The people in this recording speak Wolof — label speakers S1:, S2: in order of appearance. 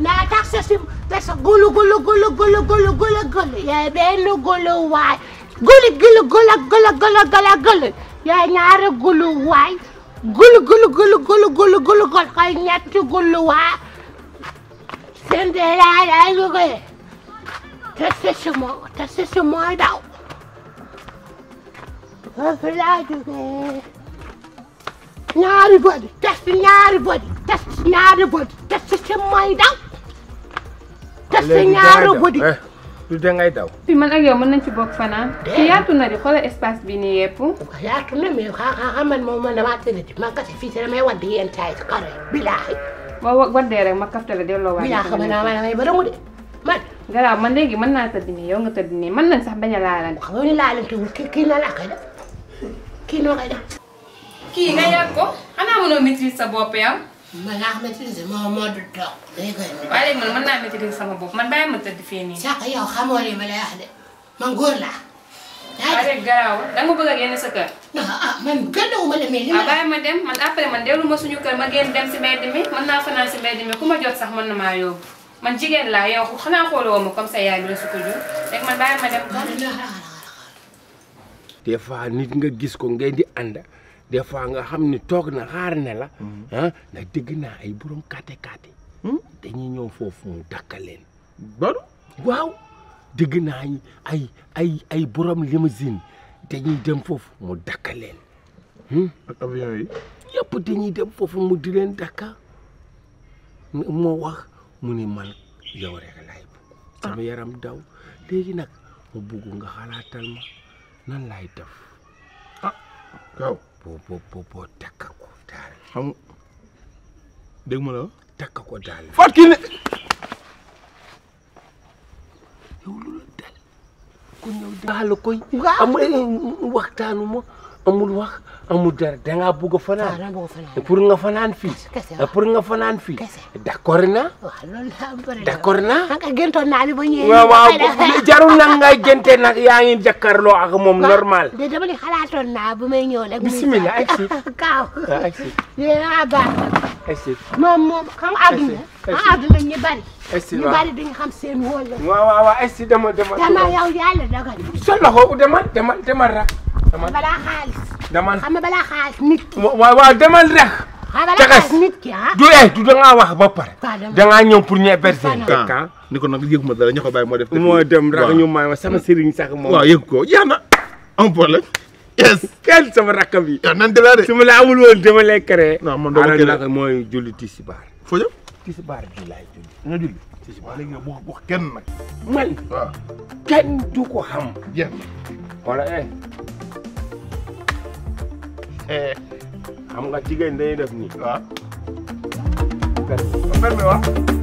S1: na taxa si pesa gulu gulu gulu gulu gulu gulu gulu yaay benn gulu waay gulu gulu gulu gulu gulu gulu gulu yaay ñaari gulu waay gulu gulu gulu gulu gulu gulu gulu kay ñetti gulu waay sende yaay yaay jóge te sisi moo te sisi mooy daw foofu laa jóge
S2: ñaari body test ñaari body test ñaari body test si mooy daw. test ñaari body
S3: eh, du dangay daw.
S2: fi man ak yow mën nañ ci bokk fanaan. ci yaatu na di xoolal espace bi nii yëpp. yaatu na mais xa xa man moom man damaa tëdd ci man kese fii ci damay waddi yenn taay ci xare bilaahi. boo waddee rek ma kaftale delloo waay. bilaahi man naa ma damay bëriwul de man. garaaw man léegi mën naa tëdd nii yow nga tëdd nii mën nañ sax bañ a laalante. waaw yow ni laalante wul kii kii na la koy def kii noo koy def. kii nga yàgg ko xanaa mënoo maîtriser sa bopp yow. ma laa maîtriser moo moo du toog. man mën naa maîtriser sama bopp man bàyyi ma tëdd fii nii. Sakho yow xamoo li ma bëgg a génn sa ah, ah, ma dem man après man dellu ma suñu kër ma génn dem si mbedd mi mën naa fanaan si mbedd mi ku ma jot sax mën na maa yóbbu man jigéen laa yow xanaa xooloo ma comme sa yaay bi la su ko jur rek man bàyyi ma dem.
S3: des nit nga gis ko ngay di ànd des fois nga xam ni toog na xaar ne la. Mhm. ah nag dégg naa ay borom kàtte kàtte. Hmm? dañuy ñëw foofu mu dakkal leen. bon waaw dégg ay ay ay borom limousine dañuy dem foofu mu dakkal leen. Hmm? ak yi. yëpp dañuy foofu mu di leen dakka moo wax mu ni man yow rek laay bugg. Ah. sama yaram daw léegi nag mu bugg nga xalaatal ma nan laay def. Ah, po po po po takk ko daal. xam nga dégg ma la. takk ko daal. Fatou Kiné. yow lu la dal ku ñëw daal koy. waaw amul eh, waxtaanu wax. a dara da ngaa bugg a fanaan pour nga fanaan fii ah, pour nga fanaan fii d'accord na
S1: d'accord na ah, géntoon naa li ba ñëwee waaw waaw
S3: jarul nag ngay génte nag yaa ngi jàkkaarloo ak moom normal de
S1: dama ni xalaatoon naa bu may ñëw rek a ah, baax moom moom xam àdduna xam àdduna ñu bari ñu bari dañu xam seen wóol la
S3: waaw waaw waaw agsi dama dama dama yow
S1: yàlla dagal sa
S3: loxo demal ra demal xam
S1: nga balaa xaalis nit ki. waaw
S3: waaw demal rek.
S1: caxas nit ki ah. du eh du
S3: da ngaa wax ba pare. da ngaa ñëw pour ñu héberger. ah ni ko nag yëg ma dara ña ko bàyyi moo def. moo dem rek ñu may ma sama sëriñ sax moom. waaw yëg ko yaa na am problème. yes kenn sama rakk bi. waaw nan de la ma la amul woon dama lay créé. non man dama créé nag mooy julli tisbaar. foo jëm tisbaar bi laay julli. nga julli tisbaar léegi kenn nag. man. waaw du ko xam. jeex na eh. xam nga jigéen dañuy def nii. waaw. permis waaw.